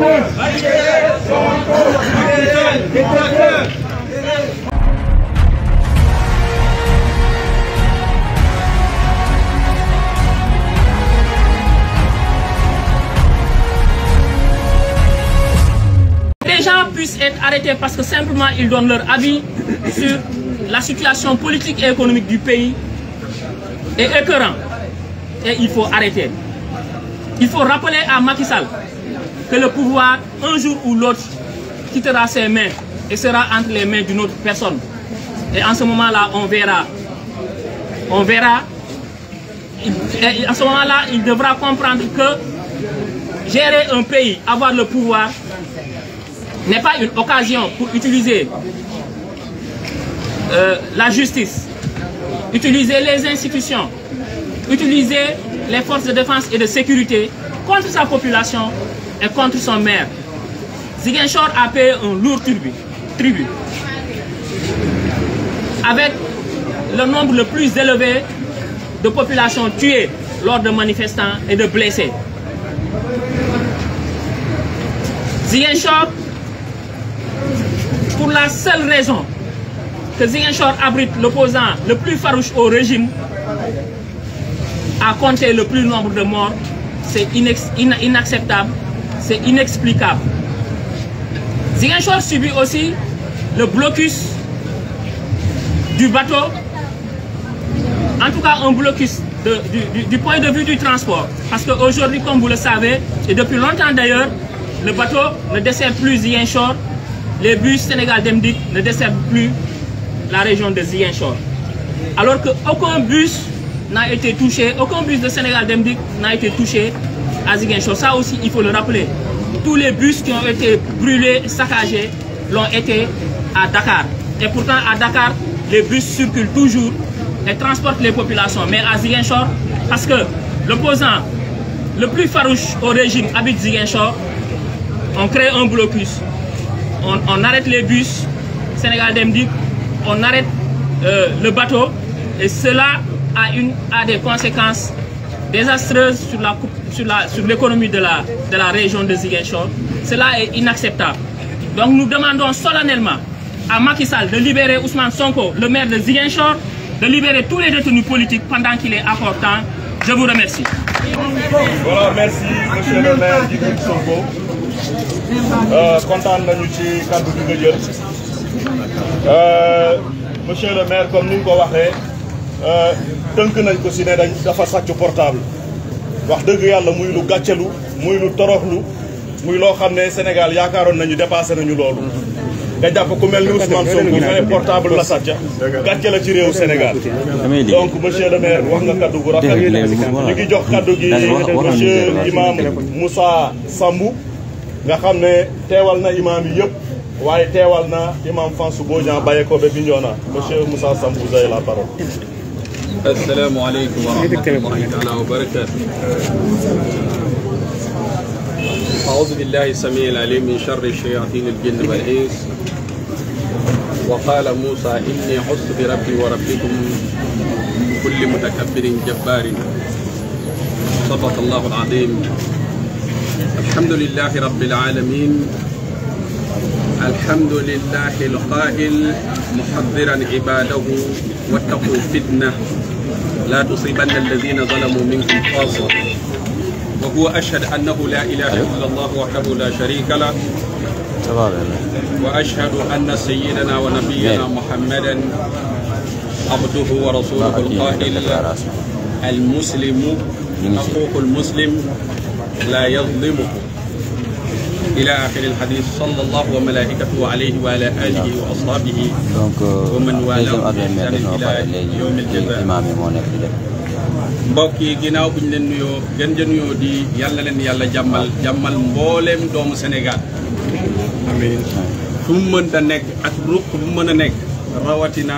Des gens être arrêtés parce que simplement ils donnent leur avis sur la situation politique et économique du pays est écœurante et il faut arrêter. Il faut rappeler à Macky que le pouvoir, un jour ou l'autre, quittera ses mains et sera entre les mains d'une autre personne. Et en ce moment-là, on verra. On verra. Et en ce moment-là, il devra comprendre que gérer un pays, avoir le pouvoir, n'est pas une occasion pour utiliser euh, la justice, utiliser les institutions, utiliser les forces de défense et de sécurité contre sa population et contre son maire. Ziguinchor a payé un lourd tribut, avec le nombre le plus élevé de populations tuées lors de manifestants et de blessés. Ziguinchor, pour la seule raison que Ziguinchor abrite l'opposant le plus farouche au régime, a compté le plus nombre de morts. C'est inacceptable c'est inexplicable Ziguinchor subit aussi le blocus du bateau en tout cas un blocus de, du, du, du point de vue du transport parce que aujourd'hui comme vous le savez et depuis longtemps d'ailleurs le bateau ne dessert plus Ziguinchor les bus Sénégal Dem Dikk ne desservent plus la région de Ziguinchor alors que aucun bus n'a été touché aucun bus de Sénégal Dem Dikk n'a été touché à Ziguinchor. Ça aussi, il faut le rappeler. Tous les bus qui ont été brûlés, saccagés, l'ont été à Dakar. Et pourtant, à Dakar, les bus circulent toujours et transportent les populations. Mais à Ziguinchor, parce que l'opposant le plus farouche au régime habite Ziguinchor, on crée un blocus. On, on arrête les bus, Sénégal Demdik, on arrête euh, le bateau. Et cela à une, a des conséquences désastreuse sur la sur l'économie de la de la région de Ziguinchor. Cela est inacceptable. Donc nous demandons solennellement à Macky Sall de libérer Ousmane Sonko, le maire de Ziguinchor, de libérer tous les détenus politiques pendant qu'il est encore temps. Je vous remercie. monsieur le maire Djibril Sonko. Euh, kontaan nañu ci kàddu bi nga jël. Euh, monsieur le maire comme ni nga ko waxee. Euh, tënk nañ ko si ne dañ dafa sàcc portable wax dëgg yàlla muy lu gàccelu muy lu toroxlu muy loo xam ne Sénégal yaakaaroon nañu dépassé nañu loolu nga jàpp ku mel ni Ousmane Sonko nga ne portable la sàcc gàcce la ci réew Sénégal donc monsieur le maire wax nga kaddu gu rafet ñu ngi jox kaddu gi monsieur imam Moussa Sambou nga xam ne teewal na imam yi yëpp waaye teewal na imam Fansou Bodian bàyyeekoo ba Bignona monsieur Moussa Sambou vous avez la parole asalaamualeykum wa rahmatullahi taala wa barakatu أعوذ بالله السميع العليم من شر الشياطين الجن والإنس وقال موسى إني عصت بربي وربكم كل متكبر جبار صدق الله العظيم الحمد لله رب العالمين الحمد لله القائل محذرا عباده واتقوا فتنة لا تصيبن الذين ظلموا منكم خاصة وهو أشهد أنه لا إله إلا الله وحده لا شريك له وأشهد أن سيدنا ونبينا محمدا عبده ورسوله القائل المسلم حقوق المسلم لا يظلمه ila axiri alxadis sallallahu wa malaikatuhu alayhi wa ala alihi wa ashabihi donc euh, imaam yi moo nekk di def mbokk yi ginnaaw bu ñu leen nuyoo gën ja nuyoo di yàlla leen yàlla jàmmal jàmmal mbooleem doomu Sénégal amiin fu mu mën a nekk ak ruq bu mën a nekk rawatina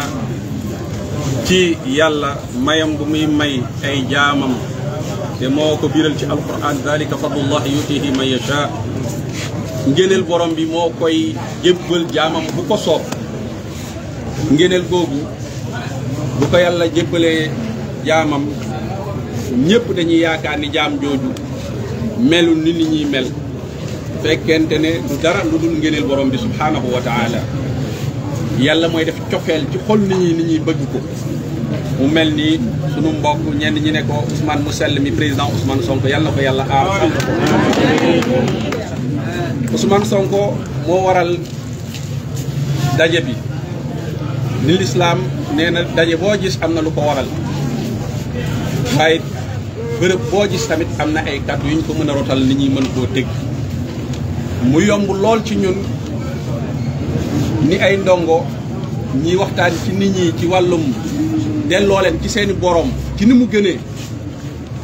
ci yàlla mayam bu muy may ay jaamam te moo ko biral ci alquran dalika fadlullahi yutihi man yasha ngéneel borom bi moo koy jébbal jaamam bu ko soob ngéneel googu bu ko yàlla jébbalee jaamam ñëpp dañuy yaakaar ni jaam jooju melul ni nit ñuy mel fekkente ne du dara lu dul ngéneel borom bi subhaanahu wa taala yàlla mooy def cofeel ci xol nit ñuy bëgg ko mu mel nii sunu mbokk ñenn ñi ne ko Ousmane mu sell mi président Ousmane Sonko yàlla na ko yàlla aar sàmm ko Ousmane Sonko moo waral daje bi ni lislaam nee na daje boo gis am na lu ko waral waaye bërëb boo jis tamit am na ay kàddu yu ñu ko mën a rotal ni ñuy mën koo dégg mu yomb lool ci ñun ni ay ndongo ñi waxtaan ci nit ñi ci wàllum delloo leen ci seeni boroom ci ni mu gënee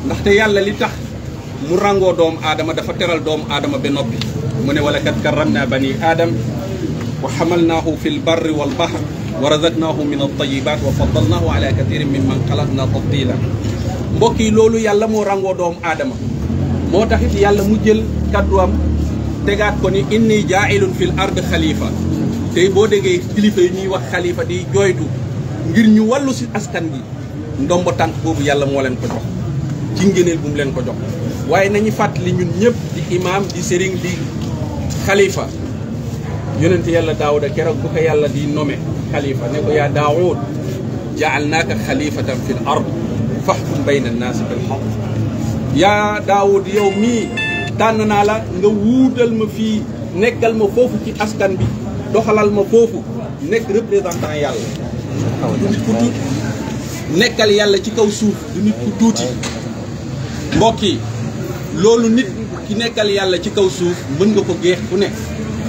ndaxte yàlla li tax mu rangoo doom aadama dafa teral doomu aadama ba noppi mu ne wala kat karram naa bani aadam wa xamalnaahu fi lbarri wa razaqnaahu min altayibat wa faddalnaahu ala kathirin min man xalaqna tafdila mbokk yi loolu yàlla moo rangoo doomu aadama moo taxit yàlla mu jël kàdduwam tegaat ko ni inni jaailun fil ard xalifa tey boo déggee kilifa yi ñuy wax xalifa di jooytu ngir ñu wàllu si askan bi ndombo tànk boobu yàlla moo leen ko jox ci ngëneel bu mu leen ko jox waaye nañu fàttali ñun ñëpp di imaam di sëriñ di xalifa yonent yàlla daawuda keroog bu ko yàlla di nome xalifa ne ko yaa daawud jaalnaaka xalifatan fi l ard faxkum bayna annaasi bil xaq yaa daawud yow mii tànn naa la nga wuutal ma fii nekkal ma foofu ci askan bi doxalal ma foofu nekk représentant yàlla du nit ku tuuti nekkal yàlla ci kaw suuf du nit ku tuuti mbokk yi loolu nit ki nekkal yàlla ci kaw suuf mën nga ko géex ku nekk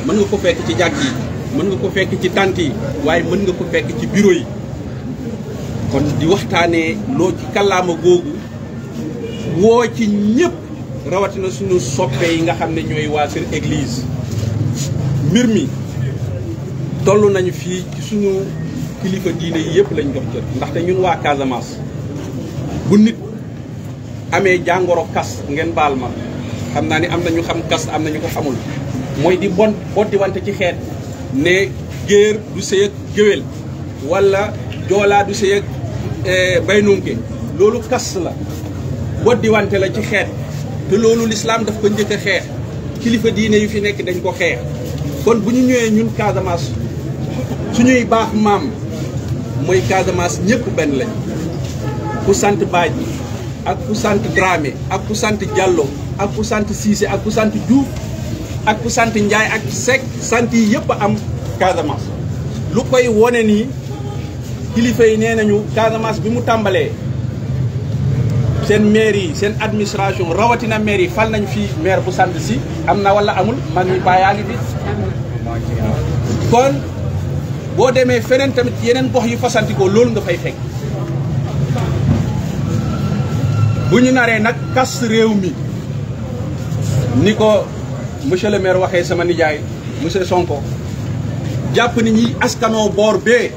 mën nga ko fekk ci jàkk yi mën nga ko fekk ci tànt yi waaye mën nga ko fekk ci bureau yi kon di waxtaanee loo ci kallaama googu woo ci ñëpp rawatina suñu soppe yi nga xam ne ñooy waa kër église mbir mi toll nañu fii ci suñu kilifa diine yi yëpp lañ jox cër ndaxte ñun waa Casamance bu nit amee jàngoro kas ngeen baal ma xam naa ni am na ñu xam kas am na ñu ko xamul mooy di bon botti wante ci xeet ne géer du sëy ak géwél wala joolaa du sëy ak eh, baynunke loolu kas la botti la ci xeet te loolu lislaam daf ko njëkk a xeex kilifa diine yu fi nekk dañ ko xeex kon bu ñu ñëwee ñun Casamance suñuy baax maam mooy Casamance ñëpp benn lañ ku sant baaj ak ku sant Dramé ak ku sant jàlloo ak ku sant Cissé ak ku sant Diouf ak ku sant Ndiaye ak Seck sant yi yëpp am Casamance lu koy wone nii kilifa yi nee nañu Casamance bi mu tàmbalee seen mairie yi seen administration rawatina mairie yi fal nañ fi maire bu sant si am na wala amul man mi bàyyaa ngi kon boo demee feneen tamit yeneen gox yi fasantikoo loolu nga fay fekk bu ñu naree nag kas réew mi ni ko monsieur le maire waxee sama nijaay monsieur Sonko jàpp ni ñi askanoo boor bee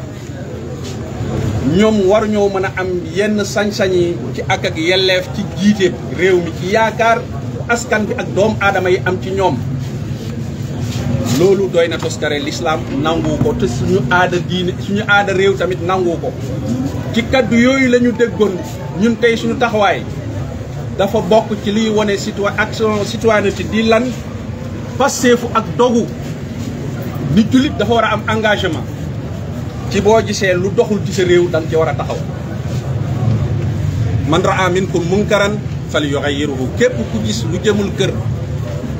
ñoom war ñoo mën a am yenn sañ-sañ ci ak ak yelleef ci jiite réew mi ci yaakaar askan bi ak doomu aadama yi am ci ñoom loolu doy na toskare l'islam nangu ko te suñu aada diine suñu aada réew tamit nangu ko ci kaddu yooyu lañu déggoon ñun tey suñu taxawaay dafa bokk ci liy wone citoyen action citoyenneté di lan passeefu ak dogu ni jullit dafa war a am engagement ci boo gisee lu doxul ci sa réew da ci war a taxaw man raa minkum munkaran fal yughayyiruhu képp ku gis lu jëmul kër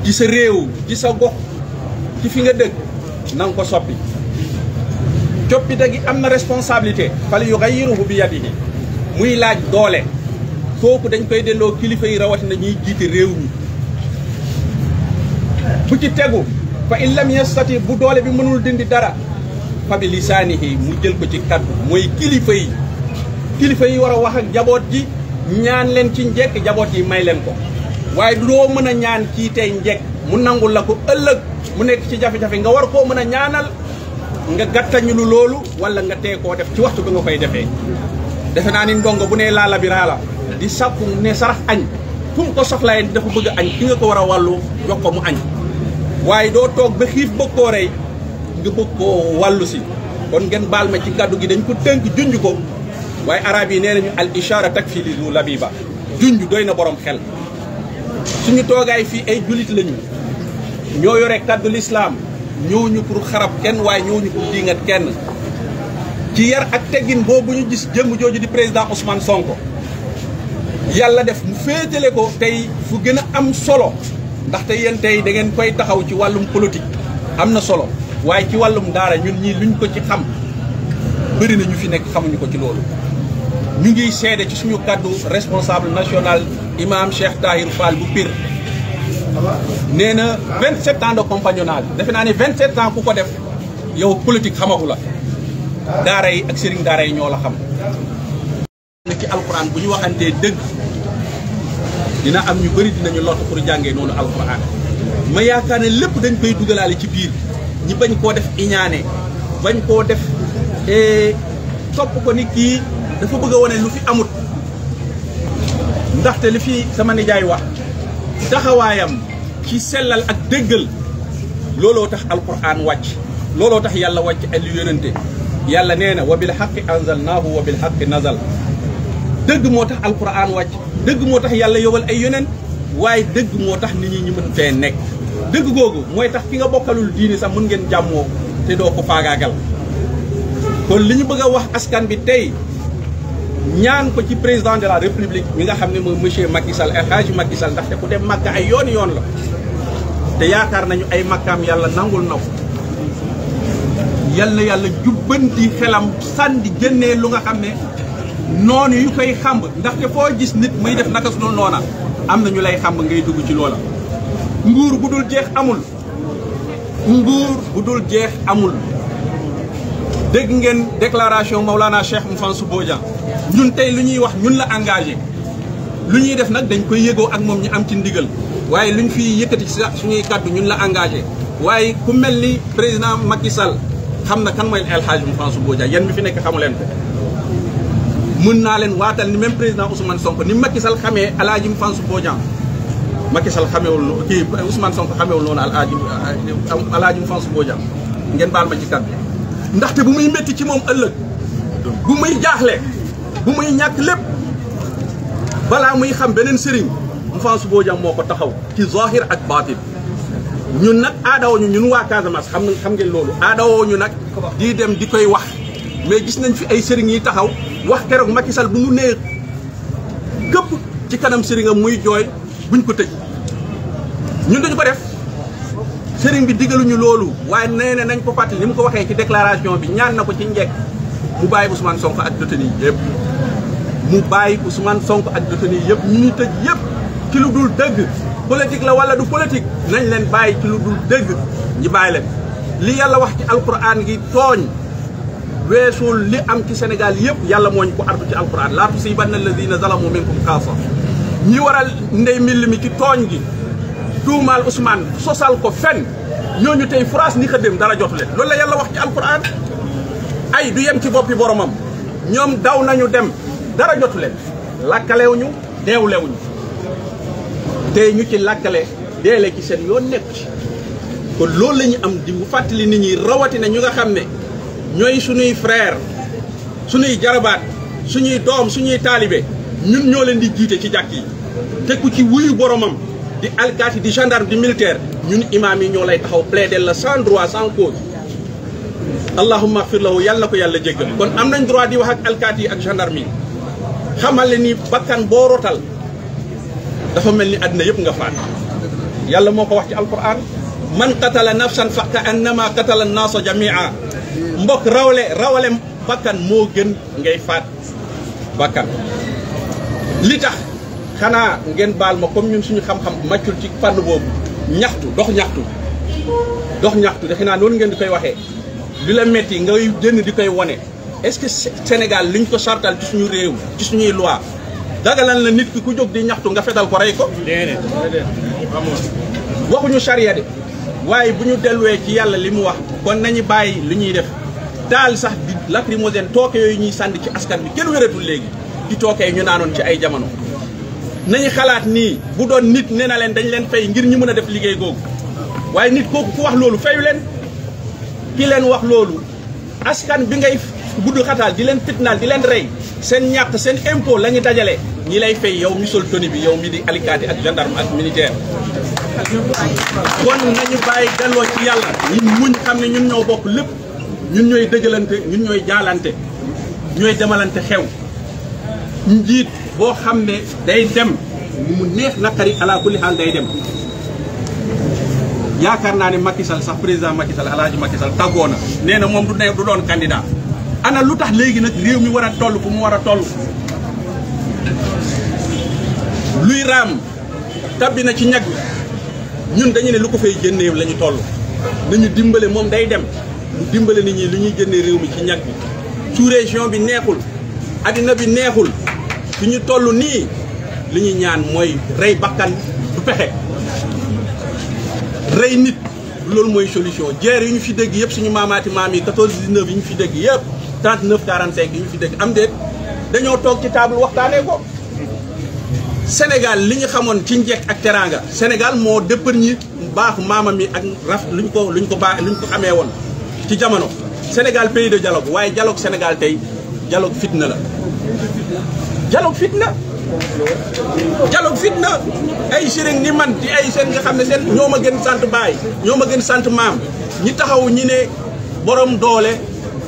ci sa réew di sa gox ci fi nga dëkk na ko soppi coppite gi am na responsabilité fal yughayyiruhu bi muy laaj doole kooku dañ koy delloo kilifa yi rawatina ñuy jiite réew mi bu ci tegu fa in bu doole bi mënul dindi dara fa bi lisaanihi mu jël ko ci kaddu mooy kilifa yi kilifa yi war wax ak jaboot ji ñaan leen ci njekk jaboot yi may leen ko waaye du mën a ñaan kii tey njekk mu nangul la ko ëllëg mu nekk ci jafe-jafe nga war koo mën a ñaanal nga gàttañu lu loolu wala nga tee koo def ci waxtu ba nga koy defee defe naa ni ndongo bu nee laa labiraa la di sàkku ne sarax añ fu mu ko soxlaayee dafa bëgg añ ki nga ko war a wàllu jox ko mu añ waaye doo toog ba xiif bëgg koo rey nga bëgg koo wàllu si kon ngeen baal ma ci kàddu gi dañ ko tënk junj ko waaye arab yi nee nañu al ishara takfi li du labiba junj doy na borom xel suñu toogaay fii ay julit lañu ñoo yore kàddu lislaam ñëwuñu pour xarab kenn waaye ñooñu pour diingat kenn ci yar ak teggin boobu ñu gis jëmm jooju di président Ousmane Sonko yàlla def mu féetale ko tey fu gën a am solo ndaxte yéen tey da ngeen koy taxaw ci wàllum politique am na solo waaye ci wàllum daara ñun ñii luñ ko ci xam bëri na ñu fi nekk xamuñu ko ci loolu. ñu ngi seede ci suñu kàddu responsable national imam Cheikh Tahir Fall bu Pire. nee na 27 ans de compagnonnage defe naa ne vingt 27 ans ku ko def yow politique xamagu la daara yi ak sëriñ daara yi ñoo la xam. na ci alxuraan bu ñu waxantee dëgg dina am ñu bëri dinañu lot pour jàngee noonu alxuraan ma yaakaar ne lépp dañ koy dugalaale ci biir ñi bañ koo def iñaane bañ koo def eh, topp ko ni kii dafa bëgg a wane lu fi amut ndaxte li fii sama nijaay wax. taxawaayam ci sellal ak déggal looloo tax alquran wàcc looloo tax yàlla wàcc ay yonente yàlla nee na wa bil xaqi anzalnaahu wa bil xaqi nazal dëgg moo tax alquran wàcc dëgg moo tax yàlla yóbal ay yonent waaye dëgg moo tax ni ñi ñu mën fee nekk dëgg googu mooy tax fi nga bokkalul diini sax mën ngeen jàmmoo te doo ko faagaagal kon li ñu bëgg a wax askan bi tey ñaan ko ci président de la république mi nga xam ne mooy monsieur Macky Sall El Hadji Macky Sall ndaxte ku dem Makka ay yoon yoon la te yaakaar nañu ay makkaam yàlla nangul na yàlla yal na yàlla jubbanti xelam sànni jënnee lu nga xam ne noonu yu koy xàmb ndaxte foo gis nit muy def naka su dul noona am na ñu lay xàmb ngay dugg ci loola nguur bu dul jeex amul nguur bu dul jeex amul dégg ngeen déclaration Maulana Cheikh Mouhamed Soubo Dia ñun tey lu ñuy wax ñun la engagé lu ñuy def nag dañ koy yëgoo ak moom ñu am ci ndigal waaye luñ fi yëkkati ci suñuy kàddu ñun la engage waaye ku mel ni président Macky Sall xam na kan mooy El Hadji Mansour Boye Diagne yéen mi fi nekk xamu leen ko mun naa leen waatal ni même président Ousmane Sonko ni Macky Sall xamee El Hadji Mansour Boye Diagne Macky Sall xameewul noonu kii Ousmane Sonko xameewul noonu El Hadji El Hadji Mansour Boye Diagne ngeen baal ma ci kàddu ndaxte bu muy métti ci moom ëllëg bu muy jaaxle bu muy ñàkk lépp balaa muy xam beneen sëriñ Moufassou Bodian moo ko taxaw ci zahir ak baatin ñun nag aadawoo ñu ñun waa Casamance xam xam ngeen loolu aadawoo nag di dem di koy wax mais gis nañ fi ay sëriñ yi taxaw wax keroog Macky Sall bu mu nee këpp ci kanam sëriñam muy jooy buñ ko tëj ñun dañu ko def sëriñ bi digaluñu loolu waaye nee na nañ ko fàttali ni mu ko waxee ci déclaration bi ñaan na ko ci njekk mu bàyyi Ousmane Sonko ak détenu yëpp mu bàyyi Ousmane Sonko ak détenu yëpp ñu ñu tëj yëpp ci lu dul dëgg politique la wala du politique nañ leen bàyyi ci lu dul dëgg ñi bàyyi leen li yàlla wax ci alquran gi tooñ weesul li am ci Sénégal yëpp yàlla mooñ ko artu ci alquran laa tusiibanna alladina zalamu minkum xaasa ñi waral ndey mbill ci tooñ gi tuumaal Ousmane sosal ko fen ñooñu tey France ni xëddéem dara jotu leen loolu la yàlla wax ci alquran ay du yem ci boppi boromam ñoom daw nañu dem dara jotu leen làkkalewuñu deewlewuñu tey ñu ci làkkale deele ci seen yoon nekku ci kon loolu la ñu am di mu fàttali ni ñi rawatina ñu nga xam ne ñooy suñuy frère suñuy jarabaat suñuy doom suñuy taalibe ñun ñoo leen di jiite ci jàkk yi te ku ci wuyu boromam di alkaati di gendarme di militaire ñun imaam yi ñoo lay taxaw plaider la sans droit sans cause allahumma axfir lahu yàlla ko yàlla jéggal kon am nañ droit di wax ak alkaati yi ak gendarme yi xamal le ni bakkan boo rotal dafa mel ni àddina yëpp nga faat yàlla moo ko wax ci alquran man qatala nafsan fa ka annama qatala naasa mbokk rawle rawale bakkan moo gën ngay faat bakkan li tax xanaa ngeen baal ma comme suñu xam-xam màccul ci fànn boobu ñaxtu dox ñaxtu dox ñaxtu defe naa noonu ngeen di koy waxe li la metti ngay jën di koy wone est-ce que Sénégal liñ ko sartal ci suñu réew ci suñuy loi dagalan la nit ki ku jóg di ñaxtu nga fetal ko rey ko waxuñu charia de waaye bu ñu delluwee ci yàlla li mu wax kon nañu bàyyi li ñuy def taal sax di lacrymogène tooke yooyu ñuy sànni ci askan bi kenn wératul léegi ci tooke ñu naanoon ci ay jamono nañu xalaat nii bu doon nit nee na leen dañ leen fay ngir ñu mën a def liggéey googu waaye nit kooku ku wax loolu fayu leen ki leen wax loolu askan bi gudd xataal di leen fitnaal di leen rey seen ñàkk seen impôt lañu ñu dajale ñi lay fay yow mi sol tenue bi yow mi di alikaati ak gendarme ak militaire kon nañu bàyyi delloo ci yàlla mu muñ xam ne ñun ñoo bokk lépp ñu ñooy dëjalante ñu ñooy jaalante ñooy demalante xew njiit boo xam ne day dem mu neex naqari ala kulli xaal day dem yaakaar naa ne Macky Sall sax président Macky Sall alaaji Macky Sall tàggoo na nee na moom du ne du doon candidat ana lu tax léegi nag réew mi war a toll fu mu war a toll luy raam tabbi na ci ñag ñun dañu ne lu ko fay génneew lañu ñu toll nañu dimbale moom day dem mu dimbale nit ñi li ñuy génne réew mi ci ñag bi sous région bi neexul addina bi neexul su ñu toll nii li ñu ñaan mooy rey bakkan du pexe rey nit loolu mooy solution jeer yu ñu fi dégg yëpp suñu maamaati maam yi 14 19 yi ñu fi dégg yëpp 39 45 yi ñu fi dëkk am déet dañoo toog ci table waxtaanee ko. Sénégal li ñu xamoon ci njëkk ak teraanga Sénégal moo dëppër ñi baaxu maamam yi ak raf luñ ko luñ ko baax ñu ko amee woon ci jamono. Sénégal pays de dialogue waaye dialogue Sénégal tey dialogue fitna la dialogue fitna. dialogue fitna ay sëriñ ni man di ay seen nga xam ne seen ñoo ma gën sant baay ñoo ma gën sant maam ñi taxaw ñi ne borom doole.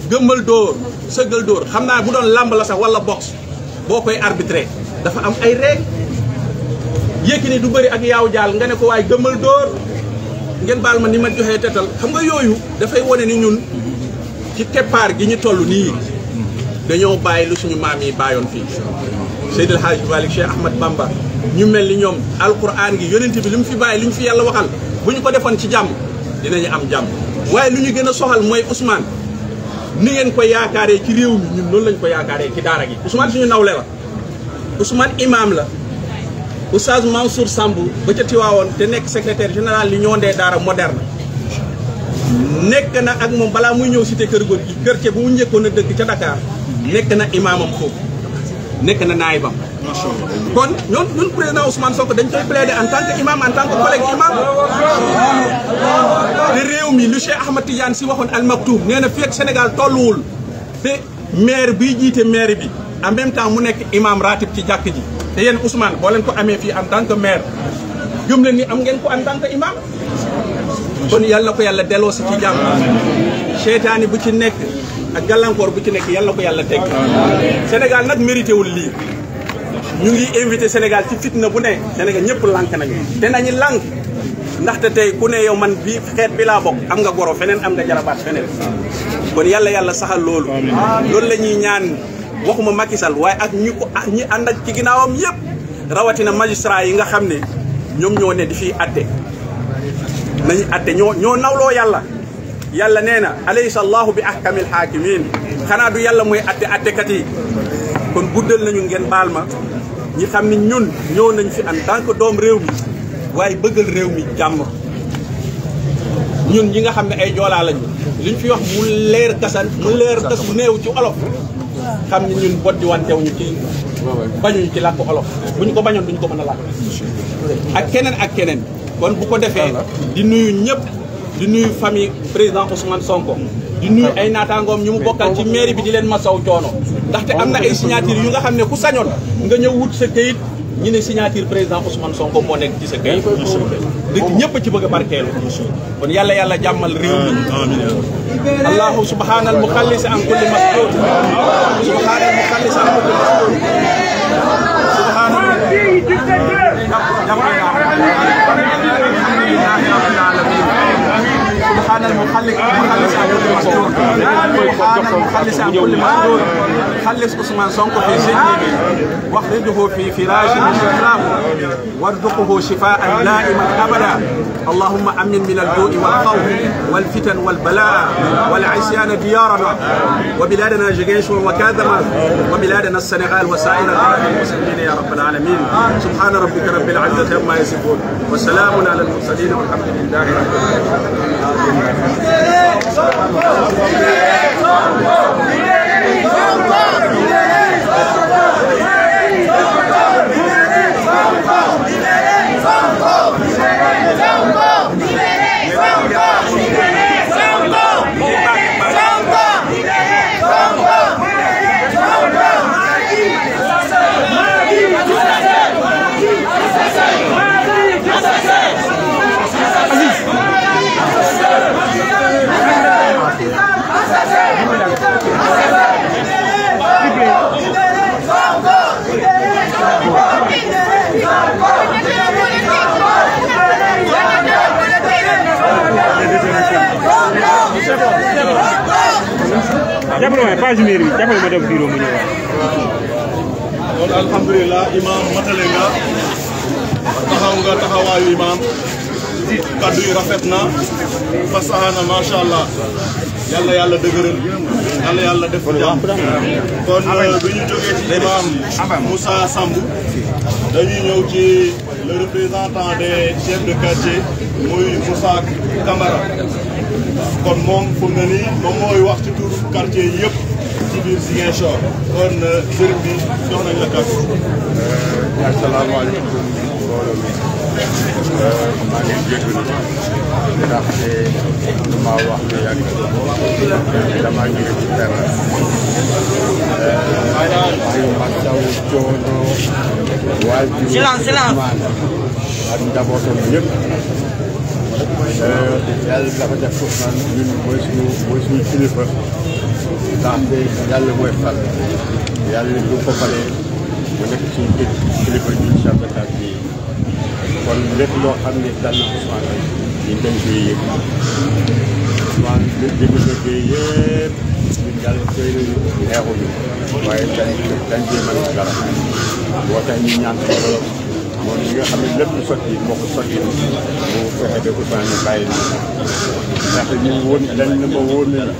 gëmmal dóor sëggal dóor xam naa bu doon làmb la sax wala box boo koy arbitré dafa am ay règle Yékini du bëri ak yaaw jaal nga ne ko waaye gëmmal dóor ngeen baal ma ni ma joxee tetal xam nga yooyu dafay wane ni ñun ci keppaar gi ñu toll nii dañoo bàyyi lu suñu maam yi bàyyoon fii Seydi El Hadji Malick Cheikh Ahmad Bamba ñu mel ni ñoom alquran gi yonent bi li mu fi bàyyi li mu fi yàlla waxal bu ñu ko defoon ci jàmm dinañu am jàmm waaye lu ñu gën a soxal mooy Ousmane ni ngeen ko yaakaaree ci réew mi ñun loolu lañ ko yaakaaree ci daara gi Ousmane suñu nawle la Ousmane imam la Oustaz Mansour Samb ba ca Tiwaawoon te nekk secrétaire général l'union des daara moderne nekk na ak moom balaa muy ñëw cité kër góor gi quartier bu mu njëkkoon a dëkk ca Dakar nekk na imaamam foofu nekk na naayibam kon ñun ñun président Ousmane Sonko dañ koy plaider en tant que imam en tant que collègue imam réew mi lu Cheikh Ahmad Tidiane si waxoon Al Maktoum nee na fii tolluwul te maire bi jiite maire bi en même temps mu nekk imam ratib ci jàkk ji te yéen Ousmane boo leen ko amee fii en tant que maire gëm leen ni am ngeen ko en tant que kon yàlla ko yàlla delloo si ci jàmm seytaani bu ci nekk ak gàllankoor bu ci nekk yàlla ko yàlla teg Sénégal nag mérité lii ñu ngi invité Sénégal ci fitna bu ne Sénégal ñëpp lànk nañu te nañu lànk ndaxte tey ku ne yow man bii xeet bi laa bokk am nga goro feneen am nga jarabaat feneen kon yàlla yàlla saxal loolu loolu la ñaan waxuma Macky Sall waaye ak ñi ko ñi ànd ak ci ginnaawam yëpp rawatina magistrat yi nga xam ne ñoom ñoo ne di fi atte nañu atte ñoo ñoo nawloo yàlla yàlla nee na alaysa allahu bi kamil haakimiin xanaa du yàlla mooy atte attekat yi kon guddal nañu ngeen baal ma ñi xam ni ñun ñëw nañ fi en tant doom réew mi waaye bëggal réew mi jàmm ñun ñi nga xam ne ay joolaa lañu liñ fi wax mu leer kasan mu leer tas néew ci olof xam ni ñun bot di wantewuñu ci bañuñu ci làkk olof bu ñu ko bañoon duñu ko mën a làkk ak keneen ak keneen kon bu ko defee di nuyu ñëpp di nuyu famille président Ousmane Sonko di nuyu ay naataangoom ñu mu bokkal ci mairie bi di leen masaw coono ndaxte am na ay signature yu nga xam ne ku sañoon nga ñëw wut sa kayit ñu ne signature président Ousmane Sonko moo nekk ci sa kayit dëkk ñëpp ci bëgg a barkeelu kon yàlla yàlla jàmmal réew mi allahu subhanal muxallis an kulli mastur subhanal muxallis an kulli mastur القرآن المخلص المخلص عن كل مسجون القرآن المخلص عن كل مسجون خلص عثمان صنكو في سجنه واخرجه في فراشه شكراه وارزقه شفاء دائما أبدا اللهم أمن من الجوع والخوف والفتن والبلاء والعصيان ديارنا وبلادنا جيشور وكاذما وبلادنا السنغال وسائر العالم المسلمين يا رب العالمين سبحان ربك رب العزة عما يصفون وسلام على المرسلين والحمد لله رب العالمين Sonko! Sonko! Sonko! jàppale waaye page mairie bi jàppale ma dem bureau kon alhamdulilah imam matale nga taxaw nga taxawaayu imam kaddu yi rafet na fasaha na macha allah yàlla yàlla dëgëral yàlla yàlla def jàmm kon euh, bi ñu jógee ci imam Moussa Samb dañuy ñëw ci le représentant des chefs de muy Moussa Camara. kon moom fu mu ne nii moom mooy wax ci turu quartier yëpp ci biir Ziguinchor kon euh, sëriñ bi jox nañ la kàddu. Euh, asalaamaaleykum mbooloo mi euh, maa ngi jégalu ndaxte dama wax lu yàgg dama jóge ci terrasse ay masawu coono waajur ak njabootam yëpp yàlla dafa def foofu naan ñun mooy suñu mooy suñu kilifa ndaxte yàlla mooy fal yàlla bu ko mu nekk suñu kilifa ñun chef d'état kon lépp loo xam ne dal na Ousmane rek ñun dañ koy yëpp ñun yàlla koy neexuñu waaye dañ dañ koy mën dara boo tax ñu ñaan ko moom li nga xam ne lépp lu sotti moo ko sotti mu fexe ba Ousmane ñu bàyyi ndax ñu wóor lenn ma wóor na la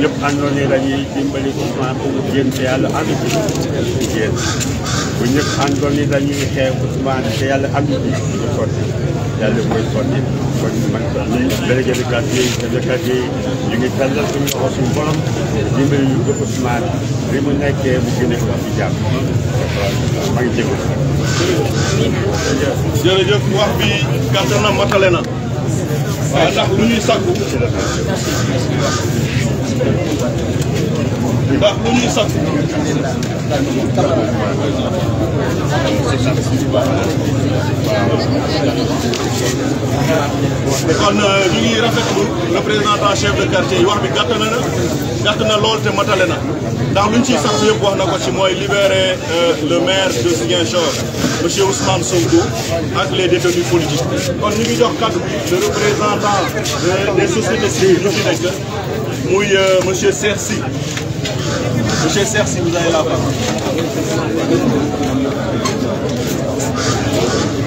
ñëpp àndoon ne dañuy dimbali Ousmane pour génn te yàlla ànd ci bu génn bu ñëpp àndoon yi dañuy xeex Ousmane te yàlla ànd ci du sotti yàlla mooy sotti kon man délégué de quartier yi chef de quartier yi ñu ngi tàllal suñu loxo suñu borom dimbali ñu ko Ousmane li mu nekkee mu gën a ko ci jàmm maa ngi jégalu jërëjëf wax bi gàtt na matale na waaw ndax lu ñuy sàkku ndax lu ñuy sant kon euh, ñu ngi rafetlu représentant chef de quartier yi wax bi gàtt na na gàtt na lool te matale na ndax lu ñu ciy sant yëpp wax na ko ci mooy libérer euh, le maire de Ziguinchor monsieur Ousmane Sonko ak les détenus politiques kon ñu ngi jox kàddu le représentant euh, des sociétés civiles yu fi nekk muy monsieur Sersi Monsieur Serre, si vous avez la parole.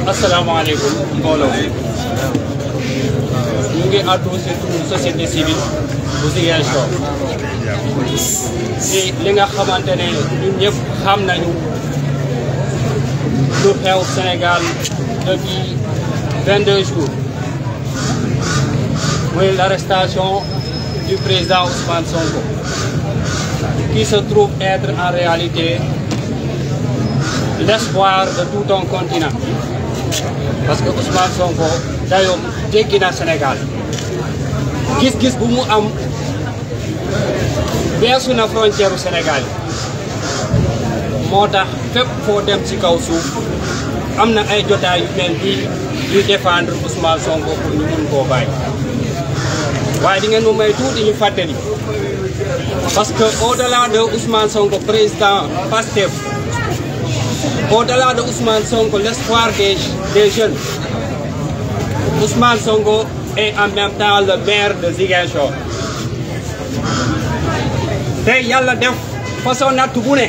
asalaamaaleykum mbooloo ñu ngi àddu si société civile bu Ziguinchor si li nga xamante ne ñun ñëpp xam nañu lu xew Sénégal depuis 22 jours mooy l' arrestation du président Ousmane Sonko. qui se trouve être en réalité l'espoir de tout un continent. parce que Ousmane Sonko dayoom jéggi Sénégal gis-gis bu mu am beesu na frontière u Sénégal moo tax fépp foo dem ci kaw suuf am na ay jotaay mel nii yuy défendre Ousmane Sonko pour ñu mun koo waaye di ngeen mu may tuuti ñu fàttali. Parce que au-delà de président PASTEF, au-delà de Sonko, l'espoir des, des jeunes, Ousmane est en le maire de Ziguinchor. tey yàlla def façon natt bu ne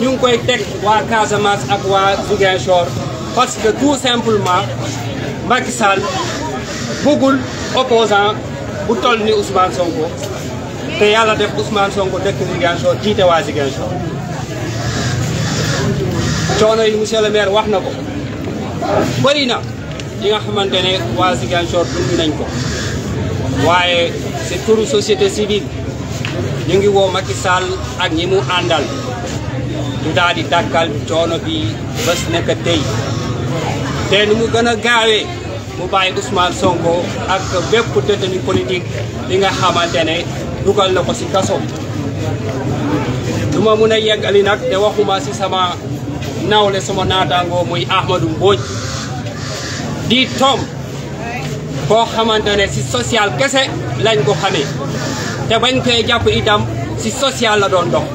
ñu ngi koy teg waa Casamance ak waa Ziguinchor parce que tout simplement Macky Sall opposant bu toll ni Ousmane Sonko te yàlla def Ousmane Sonko dëkk Ziguinchor jiite waa Ziguinchor coono yi monsieur le maire wax na ko bëri na li nga xamante ne waa Ziguinchor dund nañ ko waaye ci turu société civile ñu ngi woo ci Sall ak ñi mu àndal ñu daal di dàkkal coono bi bés nekk tey te nu mu gën a gaawee mu bàyyi Ousmane Sonko ak bépp détenu politique li nga xamante dugal na ko si kaso lu ma mun a yeggali nag te waxuma si sama nawle sama naataangoo muy Ahmadou Mbodj di toom boo xamante ne si social kese lañ ko xamee te bañ koy jàpp itam si social la doon dox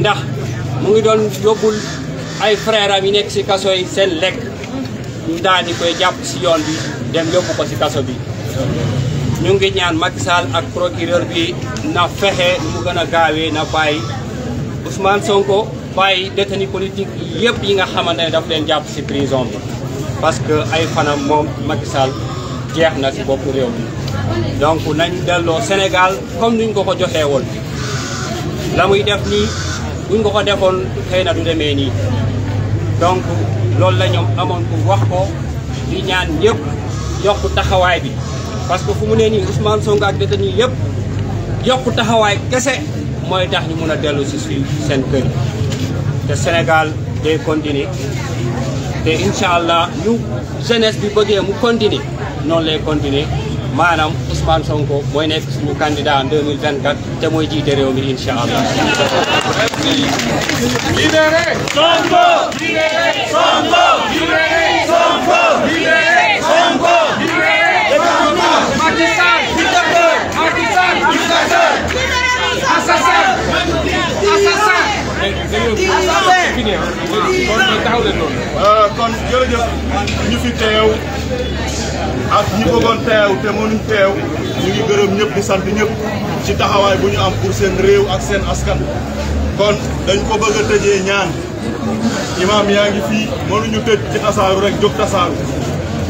ndax mu ngi doon yóbbul ay freeram am yi nekk si kaso yi seen lekk ñu daal di koy jàpp si yoon bi dem yóbbu ko si kaso bi ñu ngi ñaan Macky Sall ak procureur bi na fexe mu gën a gaawee na bàyyi Ousmane Sonko bàyyi détenu politique yëpp yi nga xamante ne daf leen jàpp si prison bi. parce que ay fanam moom Macky jeex na si boppu réew mi donc nañ delloo Sénégal comme nuñ ko ko joxee woon la muy def nii buñ ko ko defoon xëy na du demee nii donc loolu la ñoom amoon ku wax ko di ñaan ñëpp yokk taxawaay bi. parce que fu mu nee nii Ousmane Sonko ak détenu yi yëpp yokku taxawaay kese mooy tax ñu mun a dellu si suñu seen kër te Sénégal day continuer te incha allah ñu jeunesse bi bëggee mu continuer noonu lay continuer maanaam Ousmane Sonko mooy nekk suñu candidat en 2024 te mooy jiite réew mi incha allah. libéré Sonko libéré Sonko libéré Sonko libéré Sonko libéré kon jërëjëf ñu fi teew ak ñi bëggoon teew te mënuñ teew ñu ngi gërëm ñëpp di sant ñëpp ci taxawaay bu ñu am pour seen réew ak seen askan kon dañ ko bëgg a tëjee ñaan imaam yaa ngi fii mënuñu tëj ci tasaaru rek jóg tasaaru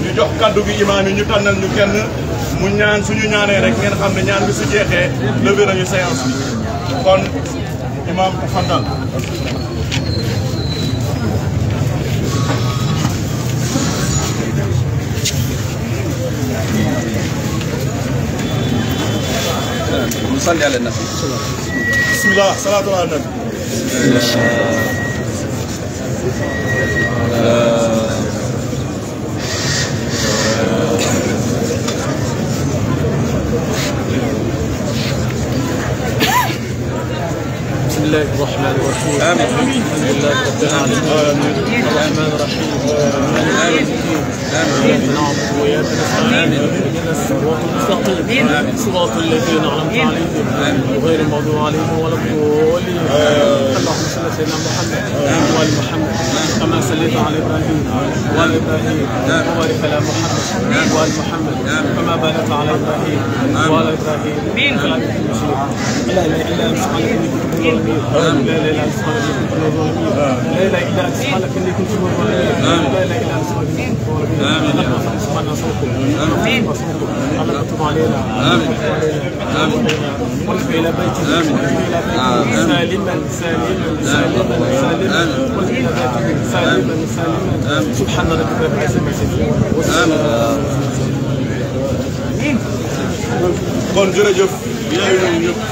ñu jox kaddu gi imaam yi ñu tànnal ñu kenn mu ñaan suñu ñaanee rek ngeen xam ne ñaan bi su jeexee levé nañu séance kon imaam xandal صلي على النبي الله الرحمن الرحيم آمين الحمد لله رب العالمين الرحمن الرحيم مالك يوم الدين إياك نعبد وإياك نستعين اهدنا الصراط المستقيم صراط الذين أنعمت عليهم غير المغضوب عليهم ولا الضالين اللهم صل على سيدنا محمد وآل محمد كما صليت على إبراهيم وآل إبراهيم وبارك على محمد وآل محمد كما باركت على إبراهيم وآل إبراهيم في العالمين إلا أن سبحانك آمين لا إله إلا أنت لا إله إلا أنت سبحانك إني كنت من الظالمين لا إله إلا أنت سبحانك آمين اللهم صل وسلم على رسولك آمين اللهم تب علينا آمين آمين وارجع إلى بيتك آمين سالما سالما سالما سالما وارجع إلى بيتك سالما سالما سبحان ربك رب العزة وسلام kon jërëjëf.